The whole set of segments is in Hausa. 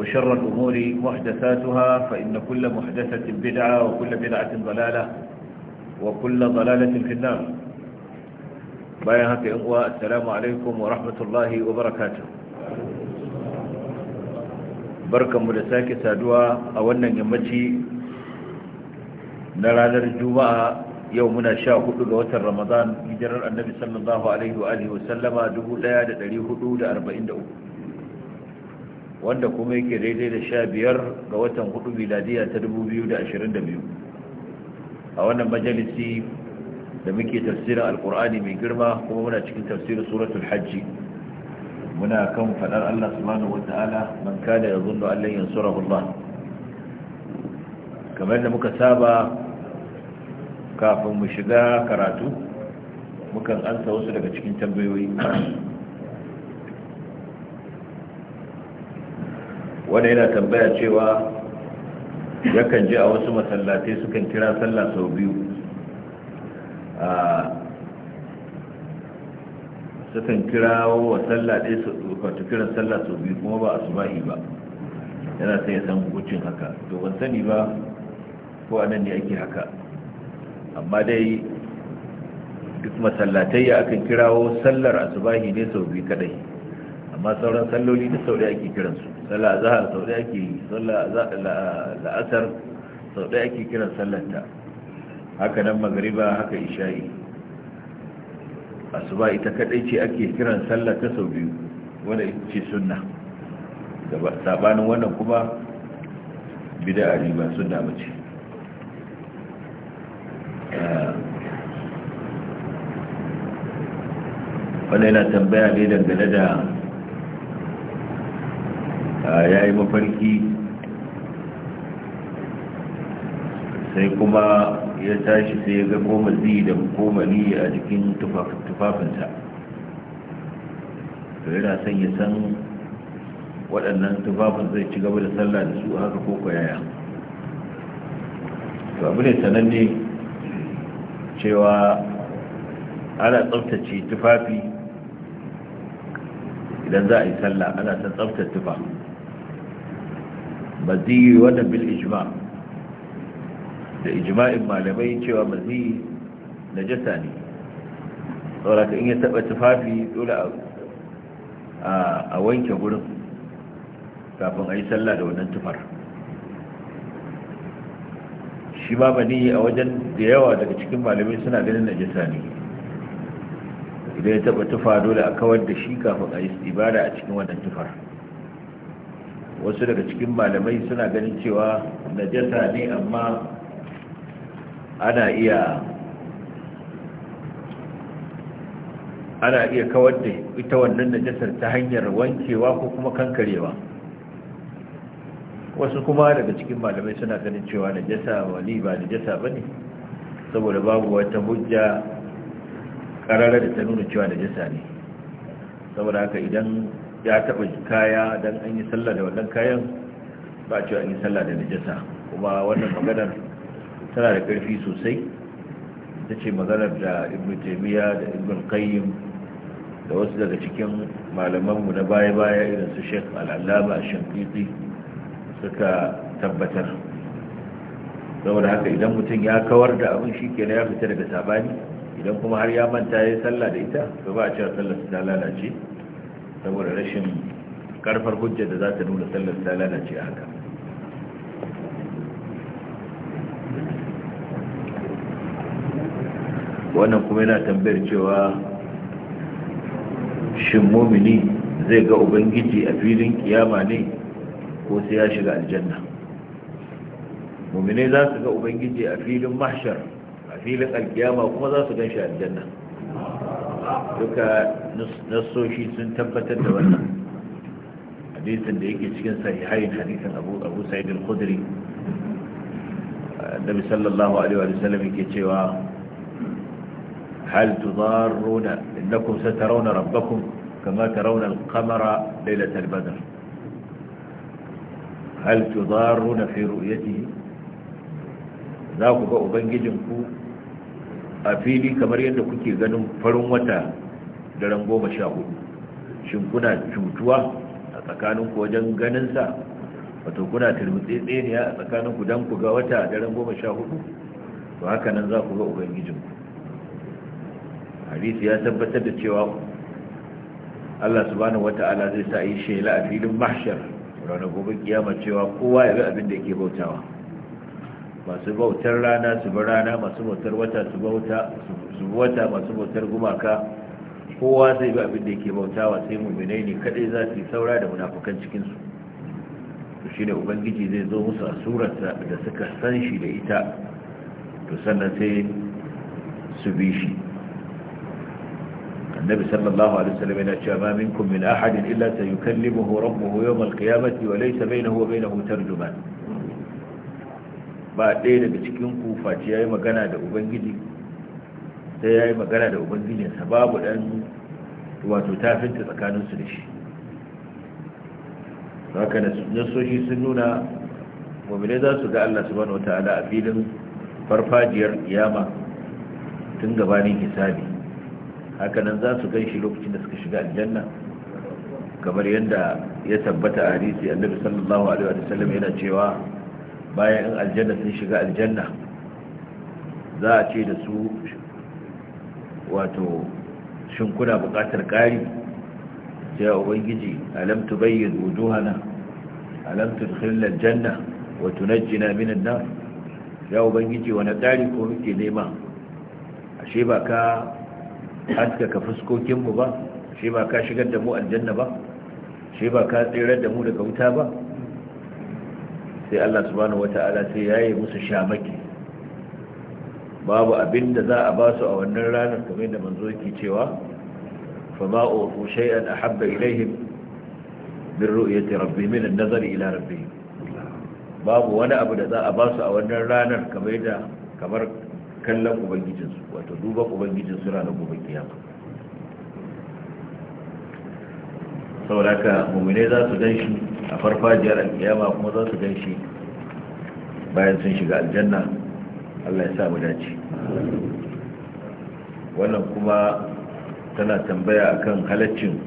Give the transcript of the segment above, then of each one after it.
وشر الأمور محدثاتها فإن كل محدثة بدعة وكل بدعة ضلالة وكل ضلالة في النار بيانك إخوة السلام عليكم ورحمة الله وبركاته بركة ملساك سادوة أولا يمتي نرى الجمعة يومنا شاهد لوتر رمضان هجر النبي صلى الله عليه وآله وسلم دبو لا يدعي هدود أربعين دقوة wanda kuma yake daidai da sha biyar ga watan hudu miladiya ta dubu biyu da ashirin da biyu a wannan majalisi da muke tafsirin alkur'ani mai girma kuma muna cikin tafsirin suratul hajji muna kan faɗar allah subhanahu wata'ala man kada ya zunnu allan yansurahu allah kamar da muka saba kafin mu shiga karatu mukan ansa wasu daga cikin tambayoyi wanda yana tambaya cewa yakan ji a wasu masallatai sukan kira sallah sau biyu sukan kira wa sallah ɗaya wato kira sallah sau biyu kuma ba su ba yana sai ya san hukuncin haka to ban sani ba ko a nan ne ake haka amma dai duk masallatai ya akan kirawo sallar asubahi ne sau biyu kadai amma sauran salloli da sau ake ake su sallah azhar sau ɗaya ake yi sallah la'asar sau ɗaya ake kiran sallanta haka nan magariba haka isha'i asuba ita kadai ce ake kiran sallah ta sau biyu wadda ita ce sunna sabanin wannan kuma bid'a a riba sunna mace ce ah. yana tambaya ne dangane da ya yi mafarki sai kuma ya tashi sai ya ga koma zi da koma ni a jikin tufafinsa to yana son ya san waɗannan tufafin zai ci gaba da sallah da su haka ko kwayaya to abu ne sananne cewa ana tsabtace tufafi idan za a yi sallah ana son tsabtace tufafi maziyi wannan bil ijma da ijma'in malamai cewa maziyi jasa ne sauraka in yi taɓa tufafi dole a wanke gurin kafin a yi sallah da wannan tufar shi ma mani a wajen da yawa daga cikin malamai suna ganin na jasa ne idan ya taɓa tufa dole a kawar da shi kafin a yi ibada a cikin wannan tufar wasu daga cikin malamai suna ganin cewa najasa ne amma ana iya ana iya kawar da ita wannan najasar ta hanyar wankewa ko kuma kankarewa wasu kuma daga cikin malamai suna ganin cewa najasa wani ba najasa ba ne saboda babu wata hujja ƙararra da ta nuna cewa najasa ne saboda haka idan ya taba kaya don an yi sallah da wannan kayan ba a cewa an yi sallah da najasa kuma wannan maganar tana da ƙarfi sosai ta ce maganar da ibn taimiyya da ibn qayyim da wasu daga cikin malamanmu na baya-baya irin su shek al'allama a shamfiti suka tabbatar saboda haka idan mutum ya kawar da abin shi kenan ya fita daga sabani idan kuma har ya manta ya yi sallah da ita ba a cewa sallar su ta lalace saboda rashin karfar hujjar da za ta nuna sallar ta lalace a haka wannan kuma yana tambayar cewa shin momini zai ga ubangiji a filin kiyama ne ko sai ya shiga aljanna momini za su ga ubangiji a filin mahshar a filin alkiyama kuma za su gan shi aljanna duka nassoshi sun tabbatar da wannan hadisin da yake cikin sahihain hadisin abu abu sa'id al-khudri annabi sallallahu alaihi wa sallam yake cewa hal tudarruna innakum satarawna rabbakum kama tarawna al-qamara laylat al-badr hal tudarruna fi ru'yatihi za ku ga ubangijinku a fili kamar yadda kuke ganin farin wata daren goma sha hudu shin kuna cutuwa a tsakaninku wajen ganinsa wato kuna tseniya a tsakaninku don ku ga wata daren goma sha hudu to haka nan za ku ga ubangijinku hadisi ya tabbatar da cewa Allah subhanahu wata'ala zai sa yi shela a filin mahshar ranar gobe kiyama cewa kowa ya ga abin da yake bautawa masu bautar rana su bi rana masu bautar wata su bauta su wata masu bautar gumaka kowa zai bi abin da yake bautawa sai mu'minai ne kadai za su yi saura da munafukan cikin su to shine ubangiji zai zo musu a surar da suka san shi da ita to sannan sai su bi shi النبي صلى الله عليه وسلم إن ما منكم من أحد إلا سيكلمه ربه يوم القيامة وليس بينه وبينه ترجمان ba ɗaya daga cikin ku face yayi magana da ubangiji sai yayi magana da ubangijinsa babu dan wato tafinta tsakanin su da shi haka da nasoshi sun nuna mu'mini za su ga Allah subhanahu wataala a filin farfajiyar kiyama tun gabanin hisabi haka nan za su gan shi lokacin da suka shiga aljanna kamar yadda ya tabbata a hadisi annabi sallallahu alaihi wa sallam yana cewa bayan in aljanna sun shiga aljanna za a ce da su wato shin kuna buƙatar ƙari a ubangiji alam tubayyin wujuhana alam tudkhilna aljanna wa tunajjina minan nar ya ubangiji wani ƙari ko muke nema ashe ba ka haskaka fuskokinmu ba ashe ba ka shigar da mu aljanna ba ashe ba ka tsirar da mu daga wuta ba sai Allah subhanahu wata'ala sai yayi musu shamaki babu abin da za a basu a wannan ranar kamar da manzo yake cewa fa ma ufu shay'an ahabba ilaihim min ru'yati rabbihim min an-nazari ila rabbihim babu wani abu da za a basu a wannan ranar kamar da kamar kallon ubangijinsu wato duba ubangijinsu ranar gobe kiyama saboda ka mummune za su gan shi a farfajiyar alkiyama kuma za su gan shi bayan sun shiga aljanna Allah ya samu dace wannan kuma tana tambaya akan halaccin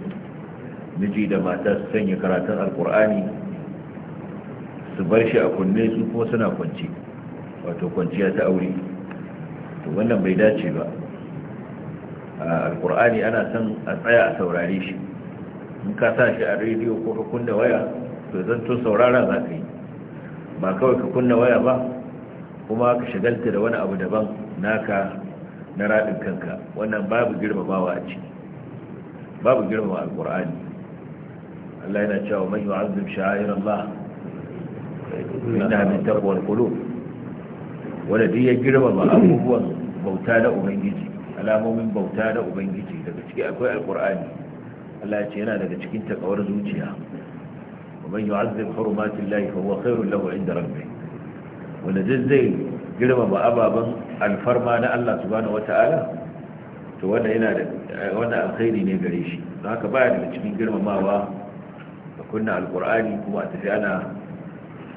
miji da mata su sanya karatun alkur'ani su bar shi a kunne su kuma suna kwanci wato kwanciya ta aure to wannan bai dace ba alkur'ani ana son a tsaya a saurare shi in ka sa shi a rediyo ko ka kunna waya to zan to saurara za ka yi ba kawai ka kunna waya ba kuma ka shagalta da wani abu daban naka na raɗin kanka wannan babu girmamawa a ciki babu girmama alƙur'ani Allah yana cewa man yu'azzim Shair Allah inna min taqwal qulub wanda duk ya girmama abubuwan bauta da ubangiji alamomin bauta da ubangiji daga ciki akwai alƙur'ani Allah ya ce yana daga cikin takawar zuciya wa man yu'azzim hurumatil lahi fa huwa khairul lahu 'inda rabbih wanda duk zai girma ba ababan alfarma na Allah subhanahu wata'ala to wanda yana da wanda alkhairi ne gare shi don haka baya daga cikin girmamawa da kunna alqur'ani kuma a tafi ana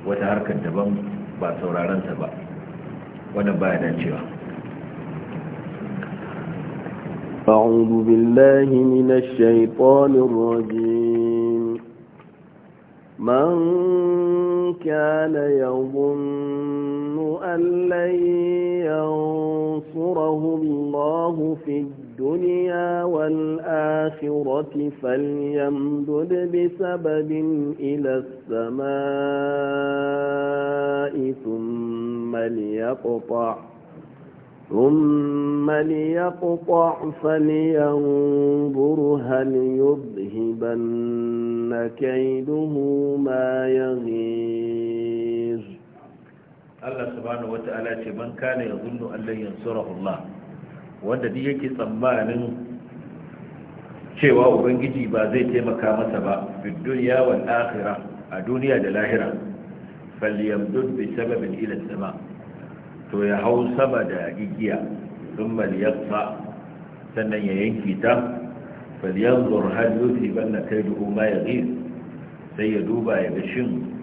wata harkar daban ba sauraron ta ba wannan baya dacewa أعوذ بالله من الشيطان الرجيم من كان يظن أن لن ينصره الله في الدنيا والآخرة فليمدد بسبب إلى السماء ثم ليقطع ثم ليقطع فلينظر هل يذهبن كيده ما يغير الله سبحانه وتعالى من كان يظن أن لن ينصره الله wanda duk yake tsammanin cewa ubangiji ba zai taimaka masa ba fi duniya wal akhirah a duniya da lahira falyamdud bi sababin ila sama' to ya hau sama da igiya sun maliyarsa sannan ya yanki ta falyanzur har yusi na kai duhu ma ya sai ya duba ya ga shin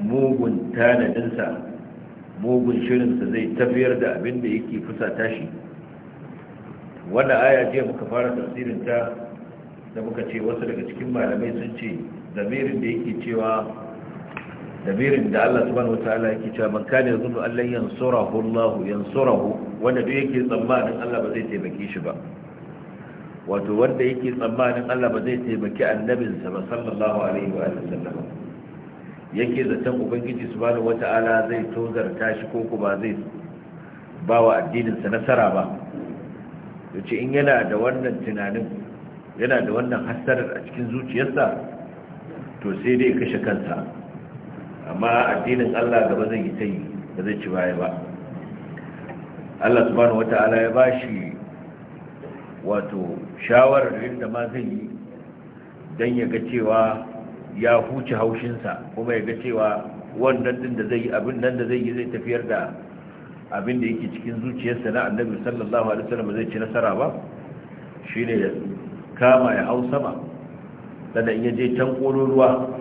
mugun tanadinsa mugun shirinsa zai tafiyar da abin da yake fusata shi wannan aya jiya muka fara tafsirinta da muka ce wasu daga cikin malamai sun ce zamirin da yake cewa dabirin da Allah subhanahu wataala yake cewa man kana yazunnu an lan yansurahu Allah yansurahu wanda duk yake tsammanin Allah ba zai taimake shi ba wato wanda yake tsammanin Allah ba zai taimaki annabinsa ba sallallahu alaihi wa sallam yake zaton ubangiji subhanahu wataala zai tozarta shi ko ba zai ba wa addininsa nasara ba yace in yana da wannan tunanin yana da wannan hasarar a cikin zuciyarsa to sai dai kashe kansa amma addinin Allah gaba zai yi ta yi ba zai ci baya ba Allah subhanahu wata'ala ya bashi wato shawarar yadda ma zai yi don ya ga cewa ya huce haushinsa kuma ya ga cewa wannan din da zai yi abin nan da zai yi zai tafiyar da abin da yake cikin zuciyarsa na annabi sallallahu alaihi wasallam zai ci nasara ba shine ya kama ya hau sama sannan ya je can ƙoro ruwa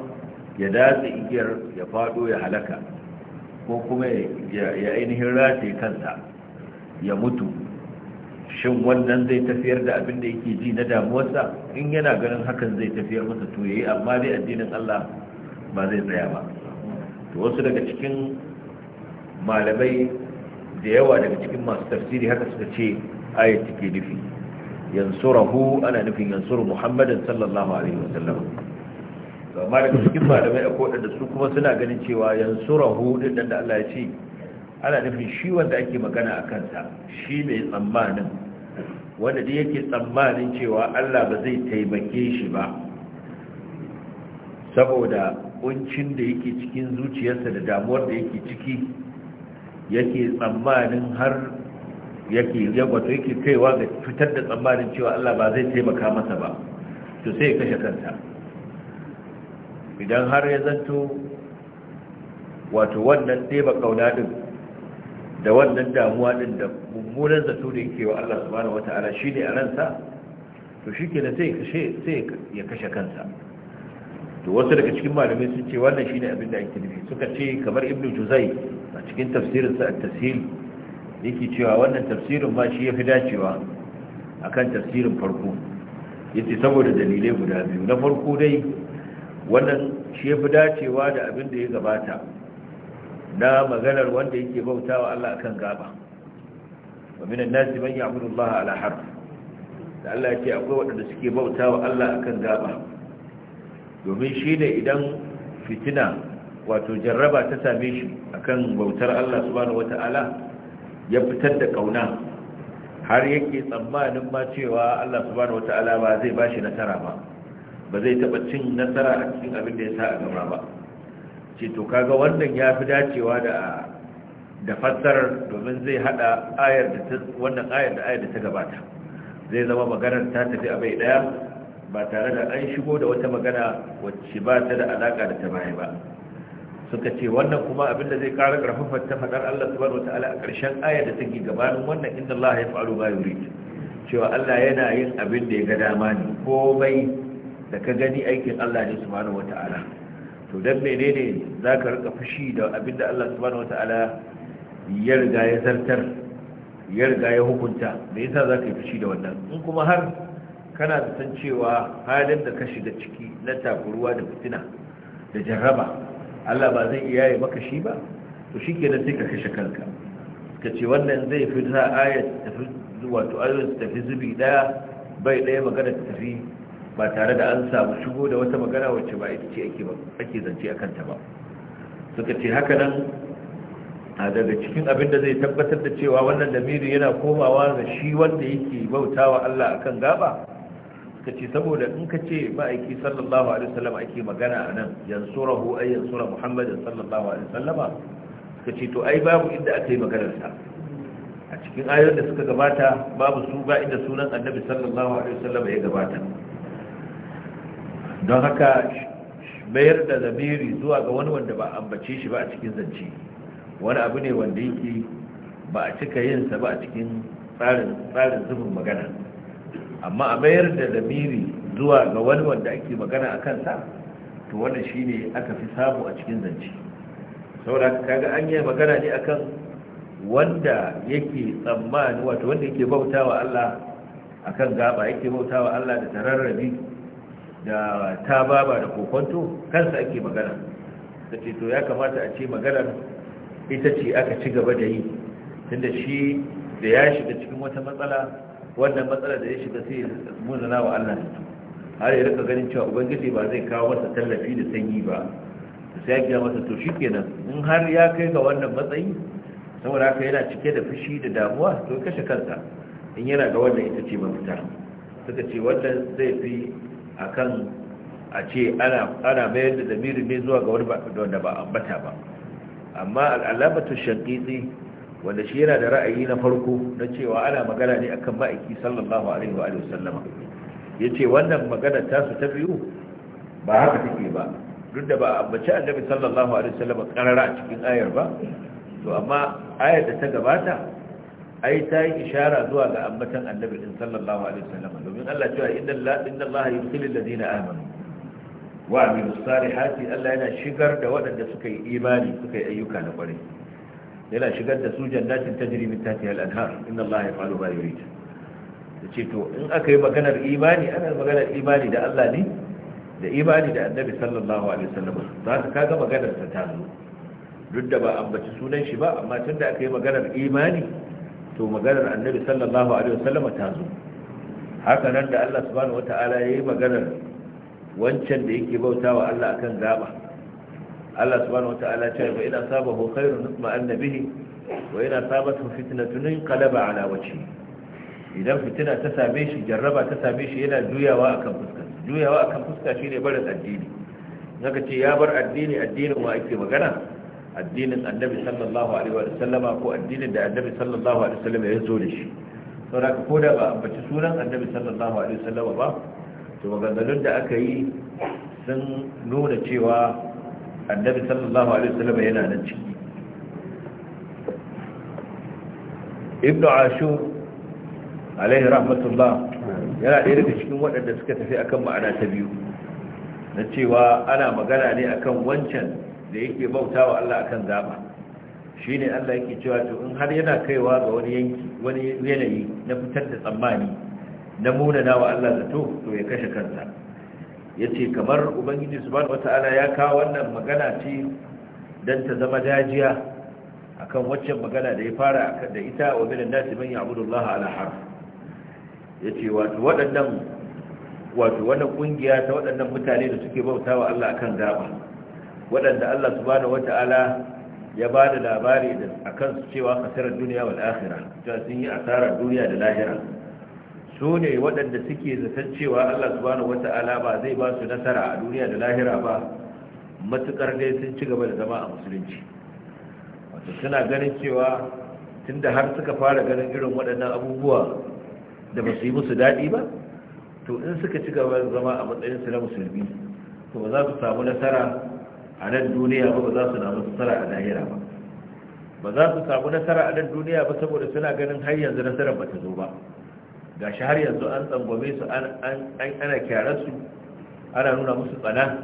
ya datse igiyar ya fado ya halaka ko kuma ya ainihin rataye kansa ya mutu shin wannan zai tafiyar da abin da yake ji na damuwarsa in yana ganin hakan zai tafiyar masa to yayi amma dai addinin Allah ba zai tsaya ba to wasu daga cikin malamai da yawa daga cikin masu tafsiri haka suka ce ayat ke nufi yansurahu ana nufin yansur muhammadin sallallahu alaihi wasallam amma daga cikin malamai a wadanda su kuma suna ganin cewa yanzu rahu din da Allah ya ce ana nufin shi wanda ake magana a kansa shi mai tsammanin wanda da yake tsammanin cewa Allah ba zai taimake shi ba saboda kuncin da yake cikin zuciyarsa da damuwar da yake ciki yake tsammanin har yake yagwato yake kaiwa ga fitar da tsammanin cewa Allah ba zai taimaka masa ba to sai ya kashe kansa idan har ya zanto wato wannan teba kauna din da wannan damuwa din da mummunan zato da yake wa Allah subhanahu wata'ala shi ne a ransa to shi ke sai ya kashe kansa to wasu daga cikin malamai sun ce wannan shi ne abin da ake nufi suka ce kamar ibn juzai a cikin sa a tafsiri yake cewa wannan tafsirin ma shi ya dacewa akan tafsirin farko yace saboda dalilai guda biyu na farko dai wannan shi fi dacewa da abin da ya gabata na maganar wanda yake bautawa Allah akan gaba wa minan nasi man ya'budu Allah ala harf da Allah yake akwai waɗanda suke bautawa Allah akan gaba domin shi ne idan fitina wato jarraba ta same shi akan bautar Allah subhanahu wata'ala ya fitar da kauna har yake tsammanin ma cewa Allah subhanahu wata'ala ba zai bashi nasara ba ba zai taba cin nasara a cikin abin da ya sa a gama ba ce to kaga wannan ya fi dacewa da da fassarar domin zai hada wannan ayar da ayar da ta gabata zai zama maganar ta tafi a bai daya ba tare da an shigo da wata magana wacce ba ta da alaka da ta baya ba suka ce wannan kuma abin da zai kara karfafa ta fadar Allah subhanahu wataala a ƙarshen ayar da take gabanin wannan inda Allah ya fa'alu ba yurid cewa Allah yana yin abin da ya ga dama ne komai da ka gani aikin Allah ne subhanahu wata'ala to dan menene zaka rika fushi da abinda Allah subhanahu wata'ala ya riga ya zartar ya riga ya hukunta me yasa zaka yi fushi da wannan in kuma har kana da san cewa halin da ka shiga ciki na takuruwa da fitina da jarraba Allah ba zai iya yi maka shi ba to shikenan sai ka kashe kanka ka ce wannan zai fi sa ayat tafi wato ayoyin tafi zubi daya bai daya magana tafi ba tare da an samu shigo da wata magana wacce ba ita ce ake zance a kanta ba suka ce haka nan a daga cikin abin da zai tabbatar da cewa wannan lamiri yana komawa ga shi wanda yake bautawa Allah a kan gaba suka ce saboda in ka ce ma'aiki sallallahu alaihi wasallam ake magana a nan rahu yansurahu ay yansura muhammadin sallallahu alaihi wasallama suka ce to ai babu inda aka yi maganar sa a cikin ayoyin da suka gabata babu su ba inda sunan annabi sallallahu alaihi wasallam ya gabata don haka mayar da zamiri zuwa ga wani wanda ba ambace shi ba a cikin zance wani abu ne wanda yake ba a cika yinsa ba a cikin tsarin zubin magana amma a mayar da zamiri zuwa ga wani wanda ake magana a kansa to wannan shi ne aka fi samu a cikin zance saboda kaga an yi magana ne akan wanda yake tsammani wato wanda yake bautawa Allah akan gaba yake bautawa Allah da tararrabi da ta baba da kokonto kansa ake magana da to ya kamata a ce maganar ita ce aka ci gaba da yi tunda shi da ya shiga cikin wata matsala wannan matsala da ya shiga sai munana wa Allah har ya rika ganin cewa ubangiji ba zai kawo masa tallafi da sanyi ba sai ya gina masa to shi kenan, in har ya kai ga wannan matsayi saboda haka yana cike da fushi da damuwa to kashe kansa in yana ga wannan ita ce mafita suka ce wannan zai fi akan a ce ana mayar da damiri ne zuwa ga wanda ba ambata ba amma al'alamatu shaqiqi wanda shi yana da ra'ayi na farko na cewa ana magana ne akan ma'aiki sallallahu alaihi wa alihi wasallama yace wannan magana ta su ta biyu ba haka take ba duk da ba ambaci annabi sallallahu alaihi wasallama karara a cikin ayar ba to amma ayar da ta gabata ai ta yi ishara zuwa ga ambatan annabi din sallallahu alaihi wasallam domin Allah cewa inna Allah yudkhil alladhina amanu wa amilus salihati Allah yana shigar da waɗanda suka yi imani suka yi ayyuka na ƙwarai yana shigar da su jannatin tajri min tahtiha al-anhar inna Allah yaf'alu ma yurid ce to in aka yi maganar imani ana maganar imani da Allah ne da imani da annabi sallallahu alaihi wasallam za ka kaga maganar ta tazo duk da ba ambaci sunan shi ba amma tunda aka yi maganar imani to maganar annabi sallallahu alaihi wasallam ta zo haka nan da Allah subhanahu wataala yi maganar wancan da yake bautawa Allah akan gaba Allah subhanahu wataala ya ce fa idan sabahu khairun nutma annabihi wa ina sabathu fitnatun inqalaba ala wajhi idan fitina ta same shi jarraba ta same shi yana juyawa akan fuska juyawa akan fuska shine barin addini naka ce ya bar addini addinin wa ake magana addinin annabi sallallahu alaihi wa sallama ko addinin da annabi sallallahu alaihi wa sallama ya zo da shi saboda ko da ba ambaci sunan annabi sallallahu alaihi wa sallama ba to maganganun da aka yi sun nuna cewa annabi sallallahu alaihi wa sallama yana nan ciki ibnu ashur alaihi rahmatullah yana ɗaya daga cikin waɗanda suka tafi akan ma'ana ta biyu na cewa ana magana ne akan wancan da yake wa Allah akan zaba shi ne Allah yake cewa to in har yana kaiwa ga wani yanki wani yanayi na fitar da tsammani na munana wa Allah zato to ya kashe kansa yace kamar ubangiji subhanahu wataala ya kawo wannan magana ce dan ta zama dajiya akan waccan magana da ya fara da ita wa minan nasi man ya'budu Allah ala harf yace wato waɗannan wato wannan kungiya ta waɗannan mutane da suke bautawa Allah akan gaba waɗanda Allah subhanahu wata'ala ya ba da labari a kansu cewa kasarar duniya wa akhira ta sun yi asarar duniya da lahira su ne waɗanda suke zaton cewa Allah subhanahu wata'ala ba zai ba su nasara a duniya da lahira ba matukar dai sun ci gaba da zama a musulunci wato suna ganin cewa tunda har suka fara ganin irin waɗannan abubuwa da ba su yi musu daɗi ba to in suka ci gaba da zama a matsayinsu na musulmi to ba za su samu nasara a nan duniya ba ba za su samu nasara a lahira ba ba za su samu nasara a nan duniya ba saboda suna ganin har yanzu nasarar ba ta zo ba ga shi har yanzu an tsangwame su an ana su, ana nuna musu tsana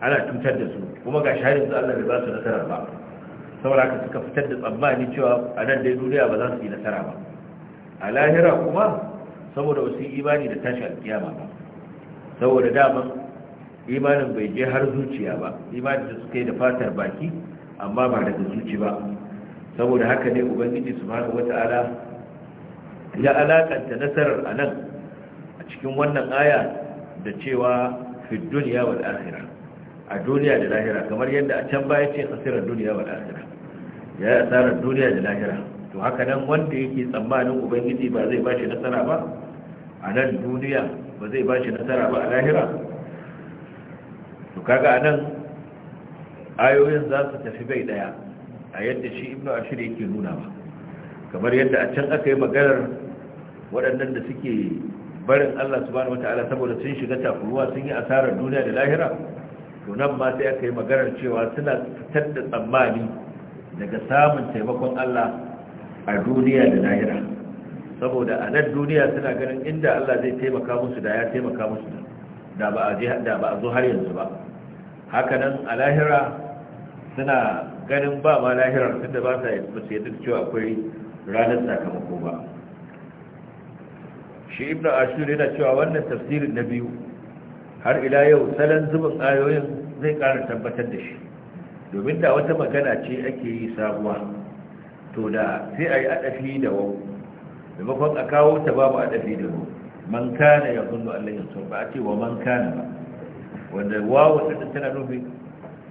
ana cutar da su kuma ga shi har yanzu allah bai ba su nasara ba saboda haka suka fitar da tsammani cewa a nan dai duniya ba za su yi nasara ba a lahira kuma saboda wasu imani da tashi alkiyama ba saboda daman imanin bai je har zuciya ba imanin da suka yi da fatar baki amma ba daga zuci ba saboda haka ne ubangiji subhanahu wata'ala ya alakanta nasarar anan a cikin wannan aya da cewa fi duniya wal akhirah a duniya da lahira kamar yadda a can baya ce khasirar duniya wal akhirah ya yi asarar duniya da lahira to haka nan wanda yake tsammanin ubangiji ba zai bashi nasara ba a nan duniya ba zai bashi nasara ba a lahira kaga anan ayoyin za su tafi bai daya a yadda shi ibnu ashir yake nuna ba kamar yadda a can aka yi maganar waɗannan da suke barin Allah subhanahu wata'ala saboda sun shiga tafuruwa sun yi asarar duniya da lahira to nan ma sai aka yi maganar cewa suna fitar da tsammani daga samun taimakon Allah a duniya da lahira saboda a nan duniya suna ganin inda Allah zai taimaka musu da ya taimaka musu da ba a zo har yanzu ba hakanan a lahira suna ganin ba ma sun da ba sa musu yadda cewa akwai ranar sakamako ba shi ibn ashur yana cewa wannan tafsirin na biyu har ila yau salon zubin ayoyin zai kara tabbatar da shi domin da wata magana ce ake yi sabuwa to da sai a yi adafi da wau maimakon a kawo ta babu adafi da wau man kana ya zunnu Allah yin ba a ce wa man kana ba wanda wawo ta tana nufi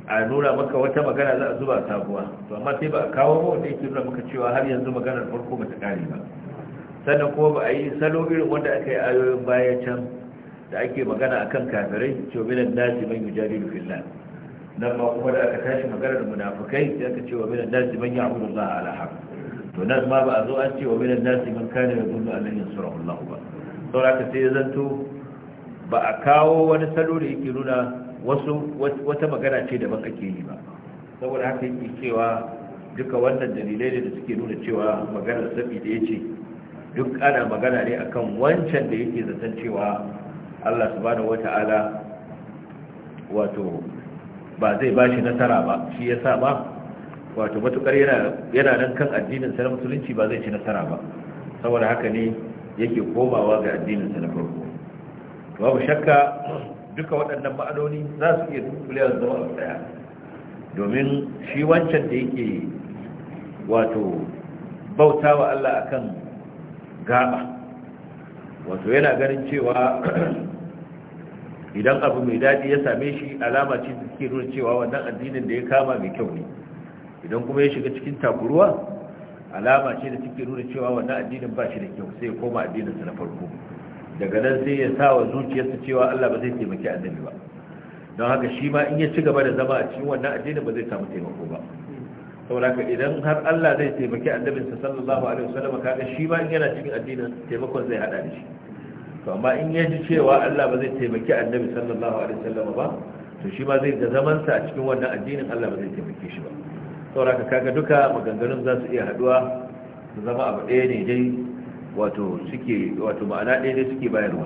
a nuna maka wata magana za a zuba sabuwa to amma sai ba a kawo ba wanda yake nuna maka cewa har yanzu maganar farko ba ta kare ba sannan kuma ba a yi salo irin wanda aka yi ayoyin baya can da ake magana akan kafirai cewa minan nasi man yujadilu fillah nan ma kuma da aka tashi maganar munafukai sai aka cewa minan nasi man abudu Allah ala haq to nan ma ba a zo an cewa minan nasi man kana yadullu an yansurahu Allah ba saboda ka sai zanto ba a kawo wani salo da yake nuna wasu wata magana ce daban ake yi ba saboda haka yake cewa duka wannan dalilai ne da suke nuna cewa maganar sabi da ya ce duk ana magana ne akan wancan da yake zaton cewa Allah subhanahu wata'ala wato ba zai ba shi nasara ba shi ya sa ba wato matukar yana nan kan addinin sa na musulunci ba zai ci nasara ba saboda haka ne yake komawa ga addinin sa na farko babu shakka duka waɗannan ma'adoni za su iya dunkulewa zama abu daya domin shi wancan da yake wato bauta wa Allah akan gaba wato yana ganin cewa idan abu mai daɗi ya same shi alama ce da suke nuna cewa wannan addinin da ya kama mai kyau ne idan kuma ya shiga cikin takuruwa alama ce da suke nuna cewa wannan addinin ba shi da kyau sai ya koma addininsa na farko daga nan sai ya sa wa zuciyarsa cewa Allah ba zai taimaki annabi ba don haka shi ma in ya ci gaba da zama a cikin wannan addinin ba zai samu taimako ba saboda haka idan har Allah zai taimaki annabinsa sallallahu alaihi wasallam kaga shi ma in yana cikin addinin taimakon zai hada da shi to amma in ya ji cewa Allah ba zai taimaki annabi sallallahu alaihi wasallam ba to shi ma zai ga zaman sa a cikin wannan addinin Allah ba zai taimake shi ba saboda ka kaga duka maganganun za su iya haduwa su zama abu ɗaya ne dai wato suke wato ma'ana ɗaya ne suke bayarwa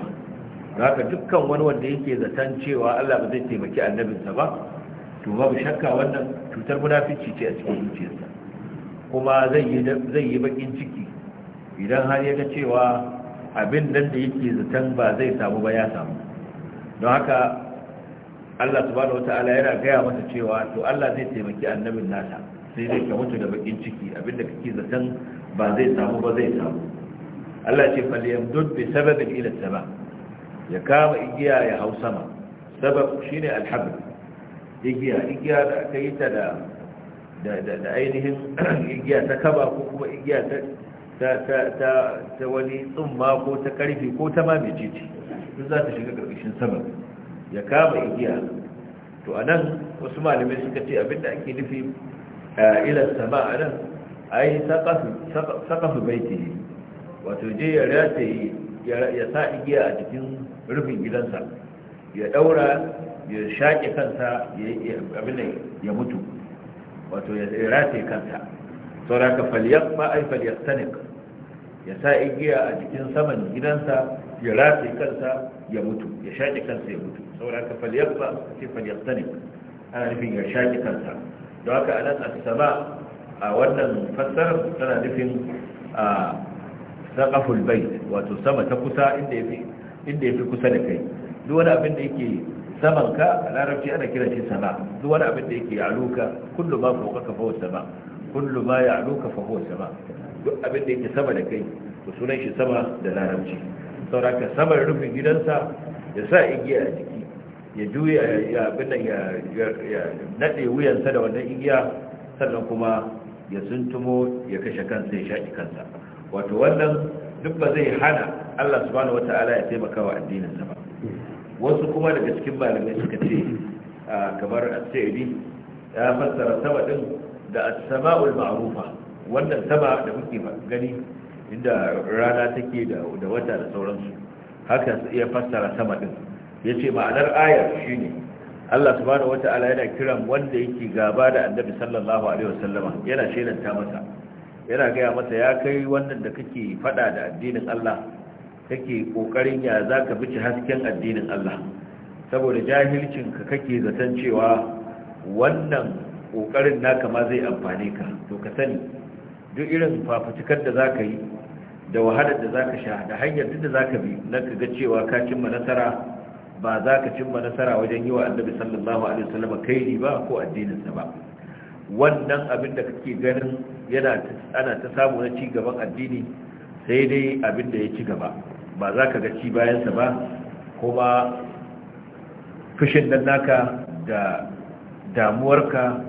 haka dukkan wani wanda yake zaton cewa Allah ba zai taimaki annabinsa ba to babu shakka wannan cutar munafici ce a cikin zuciyarsa kuma zai yi bakin ciki idan har ya ga cewa abin nan da yake zaton ba zai samu ba ya samu don haka Allah subhanahu wata'ala yana gaya masa cewa to Allah zai taimaki annabin nasa sai dai ka mutu da bakin ciki abin da kake zaton ba zai samu ba zai samu Allah ce falyamdud bi sababin ila sama ya kama igiya ya hau sama sabab shine alhabl igiya igiya da aka yi ta da da ainihin igiya ta kaba ko kuma igiya ta ta wani tsumma ko ta karfi ko ta ma mai jiji sun za ta shiga karkashin sabab ya kama igiya to a nan wasu malamai suka ce abinda ake nufi ilar sama a nan ai sakafi baiti wato je ya rataye ya sa igiya a cikin rufin gidansa ya daura ya shaƙe kansa ya mutu wato ya rataye kansa sauraka ai ya sa igiya a cikin saman gidansa ya rataye kansa ya mutu ya shaƙe kansa ya mutu sauraka falyakfa ce falyaktanik ana nufin ya shaƙe kansa don haka a nan a sama a wannan fassarar tana nufin a raqaful bai wato sama ta kusa inda yafi inda yafi kusa da kai duk wani abin da yake saman ka a larabci ana kira shi sama duk wani abin da yake aluka kullu ma fawqaka ka huwa sama kullu ma yaluka fa huwa sama duk abin da yake sama da kai to sunan shi sama da larabci ka sama rufin gidansa ya sa igiya a jiki ya juya ya abin nan ya nade wuyansa da wannan igiya sannan kuma ya zuntumo ya kashe kansa ya shaƙi kansa wato wannan duk ba zai hana Allah subhanahu wata'ala ya taimaka wa addinin sa ba wasu kuma daga cikin malamai suka ce kamar as-sa'idi ya fassara sama din da as-sama'ul ma'rufa wannan sama da muke gani inda rana take da da wata da sauransu haka ya fassara sama din yace ma'anar ayar shine Allah subhanahu wata'ala yana kiran wanda yake gaba da Annabi sallallahu alaihi wasallama yana shelanta masa yana gaya masa ya kai wannan da kake fada da addinin Allah kake kokarin ya zaka bici hasken addinin Allah saboda jahilcin ka kake zaton cewa wannan kokarin naka ma zai amfane ka to ka sani duk irin fafutukar da zaka yi da wahalar da zaka sha da hanyar da zaka bi na ka ga cewa ka cimma nasara ba za ka cimma nasara wajen yi wa annabi sallallahu alaihi wasallam kaini ba ko addininsa ba wannan abin da kake ganin yana ana ta samu na ci gaban addini sai dai abin da ya ci gaba ba za ka ga ci bayansa ba kuma fushin nan naka da damuwarka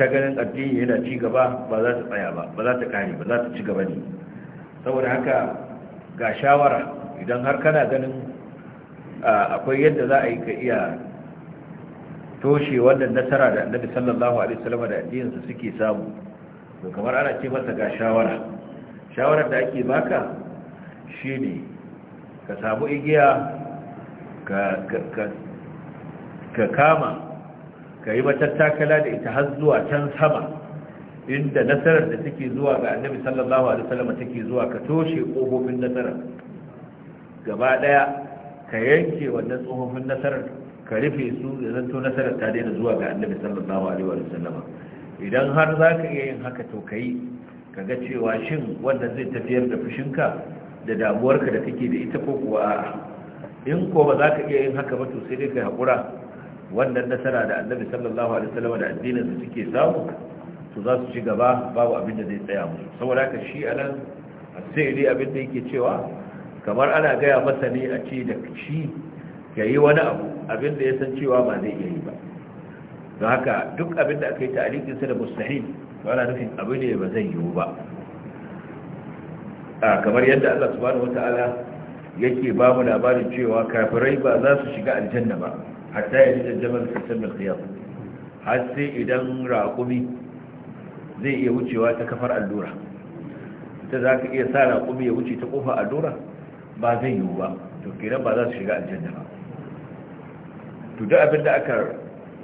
ta ganin addini yana ci gaba ba za ta tsaya ba ba za ta kare ba za ta ci gaba ne saboda haka ga shawara idan har kana ganin akwai yadda za a yi ka iya toshe wannan nasara da annabi sallallahu alaihi wasallam da addininsa suke samu to kamar ana ce masa ga shawara shawarar da ake baka shine ka samu igiya ka ka ka kama ka yi matattakala da ita har zuwa can sama inda nasarar da take zuwa ga annabi sallallahu alaihi wasallam take zuwa ka toshe kofofin nasarar gaba daya ka yanke wannan tsohon nasarar ka rufe su da zanto nasarar ta daina zuwa ga annabi sallallahu alaihi wa sallam idan har za ka iya yin haka to ka yi ka ga cewa shin wannan zai tafiyar da fushinka da damuwarka da kake da ita ko kuwa in ko ba za ka iya yin haka ba to sai dai ka haƙura wannan nasara da annabi sallallahu alaihi da addinin su suke samu to za su ci gaba babu abin da zai tsaya musu saboda haka shi anan sai dai abin da yake cewa kamar ana gaya masa ne a ce da shi ya yi wani abu abinda ya san cewa ba zai iya yi ba don haka duk abinda aka yi ta'alikinsa da mustahil na nufin abu ne ba zai yiwu ba a kamar yadda Allah subhanahu wata'ala yake ba mu labarin cewa kafirai ba za su shiga aljanna ba hatta ya ji jamal fitan bil qiyam har sai idan raqumi zai iya wucewa ta kafar allura ita za ka iya sa raƙumi ya wuce ta ƙofa allura ba zai yiwu ba to kenan ba za su shiga aljanna ba to duk abin da aka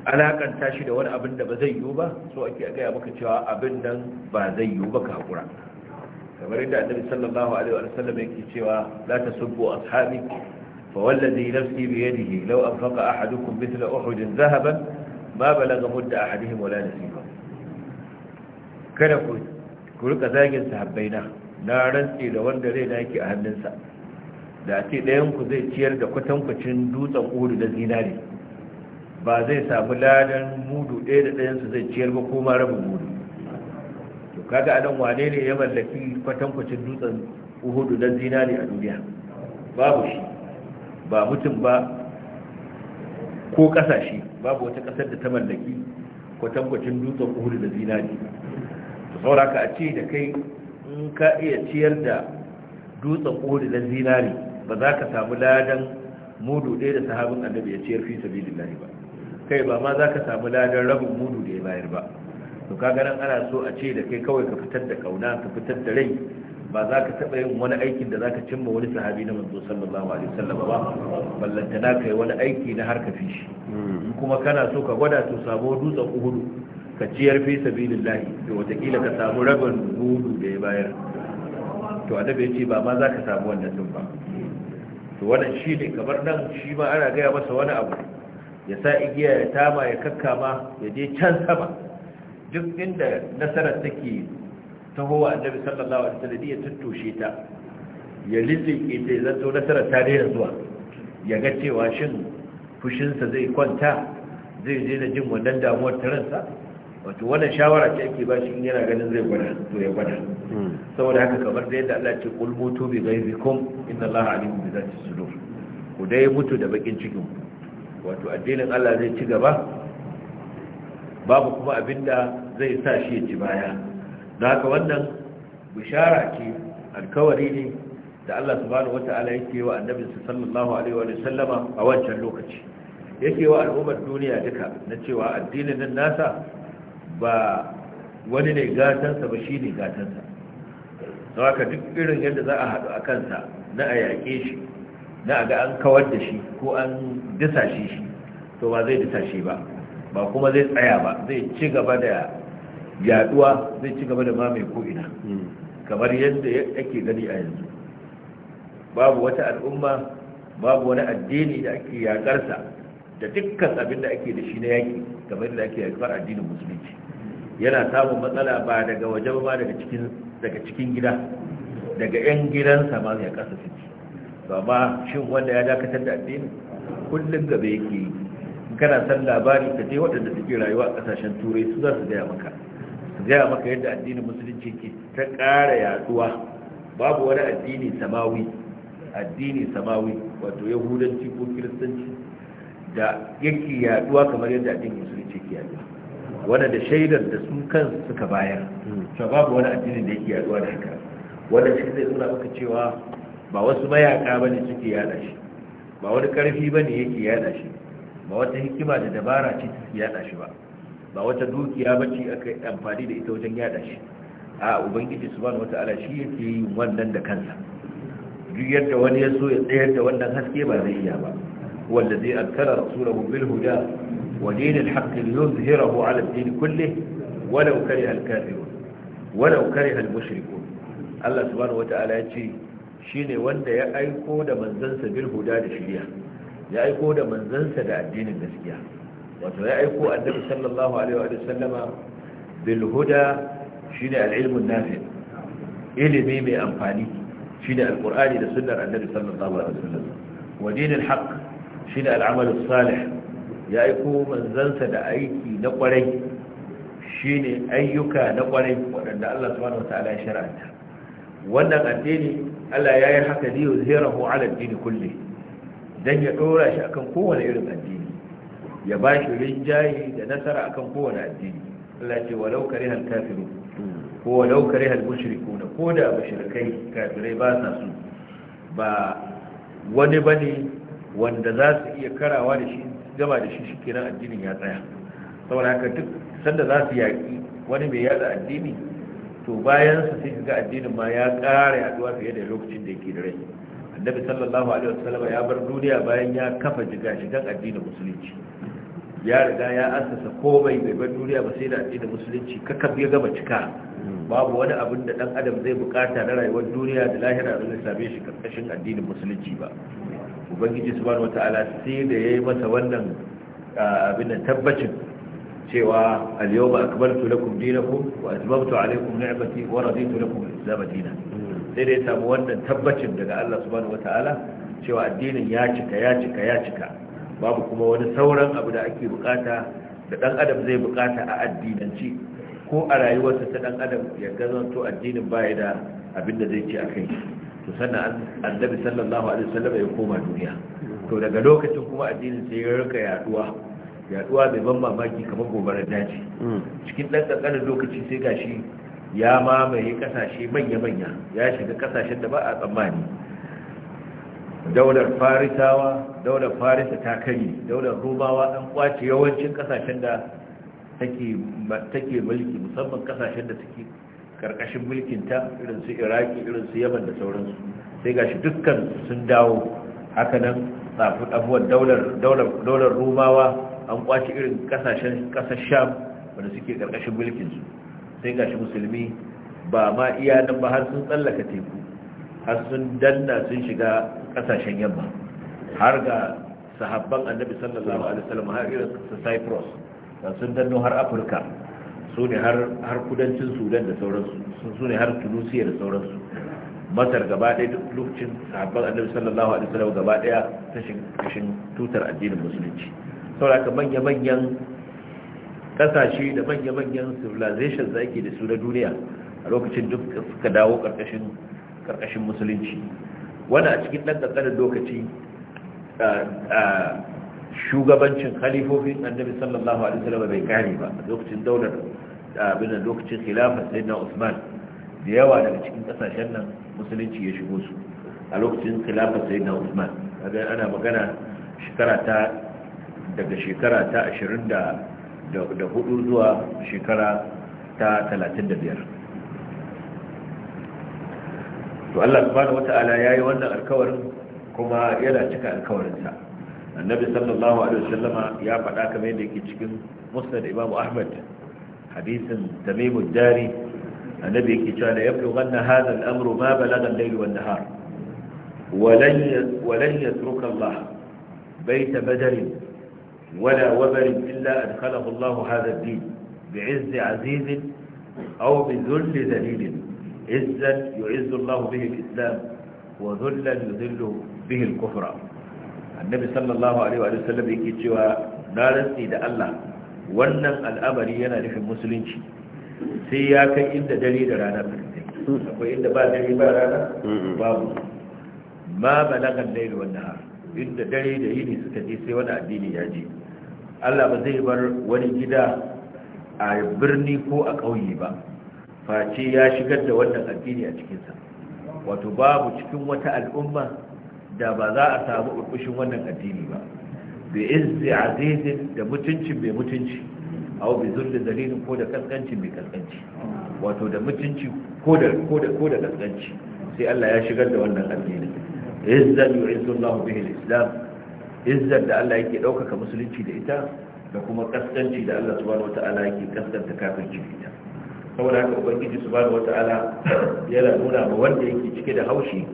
alakanta shi da wani abin da ba zai yiwu ba so ake gaya maka cewa abin nan ba zai yiwu ba kakura kamar yadda annabi sallallahu alaihi wa sallam yake cewa la tasubbu ashabi fa wallazi nafsi bi yadihi law anfaqa ahadukum mithla uhud dhahaban ma balagha mudda ahadihim wala nasiba kada ku ku rika zagin sahabbaina na rantsi da wanda zai naki a hannunsa da ce ɗayan ku zai ciyar da kwatankwacin dutsen uhud da zinari ba zai samu ladan mudu ɗaya da ɗayansu zai ciyar ba ko ma rabin mudu to kaga a nan wane ne ya mallaki kwatankwacin dutsen uhudu na zinari a duniya babu shi ba mutum ba ko ƙasashe babu wata ƙasar da ta mallaki kwatankwacin dutsen uhudu da zinari to saura ka a ce da kai in ka iya ciyar da dutsen uhudu na zinari ba za ka samu ladan mudu ɗaya da sahabin annabi ya ciyar fi sabilillahi ba kai ba ma za ka samu ladar rabin mudu da ya bayar ba to ka ganin ana so a ce da kai kawai ka fitar da kauna ka fitar da rai ba za ka taɓa yin wani aikin da za ka cimma wani sahabi na manzo sallallahu alaihi wasallam ba ballanta na kai wani aiki na harka ka fi shi hmm. kuma kana so ka gwada to samu dutsen uhudu ka ciyar fi sabilillahi to wataƙila ka samu rabin mudu da ya bayar to annabi ya ce ba ma za ka samu wannan din ba to wannan shi ne kamar nan shi ma ana gaya masa wani abu ya sa igiya ya tama ya kakkama ya je can sama duk inda nasarar take tahowa annabi sallallahu alaihi wasallam ya tuttushe ta ya lillike ta zato nasarar ta daina zuwa ya ga cewa shin fushinsa zai kwanta zai je da jin wannan damuwar ta ransa wato wannan shawara ce ake ba shi in yana ganin zai gwada to ya gwada hmm. saboda haka kamar da yadda Allah ce qul mutu bi ghaibikum inna Allaha alimun bi zati sudur ku dai mutu da bakin cikin ku wato addinin Allah zai ci gaba babu kuma abinda zai sa shi ya ci baya da haka wannan bishara ce alkawari ne da Allah subhanahu wata'ala yake wa annabinsa sallallahu alaihi wa sallama a wancan lokaci yake wa al'ummar duniya duka na cewa addinin nan nasa ba wani ne gatansa ba shi ne gatansa don haka duk irin yadda za a haɗu a kansa na a yaƙe shi na ga an kawar da shi ko an disashe shi to ba zai disashe ba ba kuma zai tsaya ba zai ci gaba da yaduwa zai ci gaba da ko ko'ina kamar yadda yake gani a yanzu babu wata al'umma babu wani addini da ake yakarsa da dukkan abin da ake da shi na yaki kamar da ake yakar addinin musulunci yana samun matsala ba daga waje ba daga cikin daga cikin gida daga 'yan gidansa ma ya kasa suke ba ma shin wanda ya dakatar da addini kullum gaba yake yi kana san labari ka je waɗanda suke rayuwa a ƙasashen turai su za su gaya maka su gaya maka yadda addinin musulunci ke ta ƙara yaduwa babu wani addini samawi addini samawi wato yahudanci ko kiristanci da yake yaduwa kamar yadda addinin musulunci ke yaduwa wanda da shaidar da sun kansu suka bayar hmm. to babu wani addini da yake yaduwa da haka wanda shi zai nuna maka cewa ba wasu mayaka ba ne suke yada shi ba wani karfi ba ne yake yada shi ba wata hikima da dabara ce suke yada shi ba ba wata dukiya ba ce aka amfani da ita wajen yada shi a ubangiji wata ala shi yake yi wannan da kansa duk yadda wani ya so ya tsayar da wannan haske ba zai iya ba wanda zai ankara rasulahu bil huda wa dinil haqqi yuzhirahu ala ad-din kulli walau kariha al-kafirun walau kariha al-mushrikun Allah subhanahu wata'ala ya ce shine wanda ya aiko da manzansa bil huda da shari'a ya aiko da manzansa da addinin gaskiya wato ya aiko annabi sallallahu alaihi wa sallama bil huda shine al-ilmu nafi ilimi mai amfani shine al-qur'ani da sunnar annabi sallallahu alaihi wa sallam wa dinil haqq shine al-amal as-salih ya aiko manzansa da aiki na kwarai shine ayyuka na kwarai wadanda Allah subhanahu wa ta'ala ya shar'anta wannan addini Allah ya yi haka liyu zirahu ala dini kulle don ya ɗora shi akan kowane irin addini ya ba shi rinjaye da nasara akan kowane addini Allah ce walau kare hal kafiru ko walau kare hal mushriku na ko da mushrikai kafirai ba sa su ba wani bane wanda za su iya karawa da shi gaba da shi shi shikenan addinin ya tsaya saboda haka duk sanda za su yaƙi wani mai yada addini to bayan su sai ga addinin ma ya ƙara yaduwa fiye da lokacin da yake da rai annabi sallallahu alaihi wasallam ya bar duniya bayan ya kafa jiga-jigan addinin musulunci ya riga ya asasa komai bai bar duniya ba sai da addinin musulunci kaka ya gama cika babu wani abin da dan adam zai bukata na rayuwar duniya da lahira da zai same shi karkashin addinin musulunci ba ubangiji subhanahu wataala sai da yayi masa wannan ah, abin da tabbacin cewa al-yawma akmaltu lakum dinakum wa atmamtu alaykum ni'mati wa raditu lakum al-islam dinan sai dai samu wannan tabbacin daga Allah subhanahu wataala cewa addinin ya cika ya cika ya cika babu kuma wani sauran abu da ake bukata da dan adam zai bukata a addinanci ko a rayuwarsa ta dan adam ya gazanto addinin baya da abin da zai ci a kai to sannan annabi sallallahu alaihi wasallam ya koma duniya to daga lokacin kuma addinin sai ya rika yaduwa yaduwa mai ban mamaki kamar gobarar daji hmm. cikin ɗan ƙanƙanin lokaci sai gashi ya mamaye ƙasashe manya-manya ya shiga ƙasashen da ba a tsammani daular farisawa daular farisa ta kari daular romawa an kwace yawancin ƙasashen da take mulki musamman ƙasashen da take ƙarƙashin mulkinta irin su iraki irin su yaman da sauransu sai gashi dukkan sun dawo hakanan tsafi abuwan daular romawa an kwace irin kasashen kasar sham wanda suke karkashin mulkinsu sai gashi musulmi ba ma iya nan ba har sun tsallaka teku har sun danna sun shiga kasashen yamma har ga sahabban annabi sallallahu alaihi wasallam har irin su cyprus sun danno har afirka su ne har kudancin sudan da sauransu su ne har tunisia da sauransu masar gaba ɗaya duk lokacin sahabban annabi sallallahu alaihi wasallam gaba ɗaya ta shin tutar addinin musulunci sauraka manya-manyan kasashe da manya-manyan civilization da ake da su na duniya a lokacin duk suka dawo karkashin musulunci wani a cikin ɗan ƙanƙanin lokaci shugabancin khalifofin annabi sallallahu alaihi wasallam bai kare ba a lokacin daular abin lokacin khilafar sayyidina Usman da yawa daga cikin kasashen nan musulunci ya shigo su a lokacin khilafar sayyidina Usman kaga ana magana shekara ta daga shekara ta 24 zuwa shekara ta 35 to Allah subhanahu wata'ala yayi wannan alkawarin kuma yana cika alkawarinsa annabi sallallahu alaihi wasallama ya faɗa kamar yadda yake cikin musnad imam ahmad hadisin tamim ad-dari annabi yake cewa la yablughanna hadha al-amru ma balagha al-layl wan nahar ولن يترك الله بيت بدر ولا وبر إلا أدخله الله هذا الدين بعز عزيز أو بذل ذليل عزا يعز الله به الإسلام وذلا يذل به الكفر النبي صلى الله عليه وسلم يكتوى نارا سيد الله wannan al'amari yana nufin musulunci sai ya kai inda dare da rana akwai inda ba dare ba rana babu ma balagan dare wannan har Inda dare da yini suka je sai wani addini ya je Allah ba zai bar wani gida a birni ko a ƙauye ba face ya shigar da wannan addini a cikinsa wato babu cikin wata al'umma da ba za a samu ƙurƙushin wannan addini ba bi izzi azizin da mutuncin mai mutunci aw bi zulli dalilin ko da kaskanci mai kaskanci wato da mutunci ko da ko da ko da kaskanci sai Allah ya shigar da wannan addini izzan yu'izzu Allahu bihi al-islam izzan da Allah yake ɗaukaka musulunci da ita da kuma kaskanci da Allah subhanahu wata'ala yake kaskanta kafirci da ita saboda haka ubangiji subhanahu wata'ala yana nuna ma wanda yake cike da haushi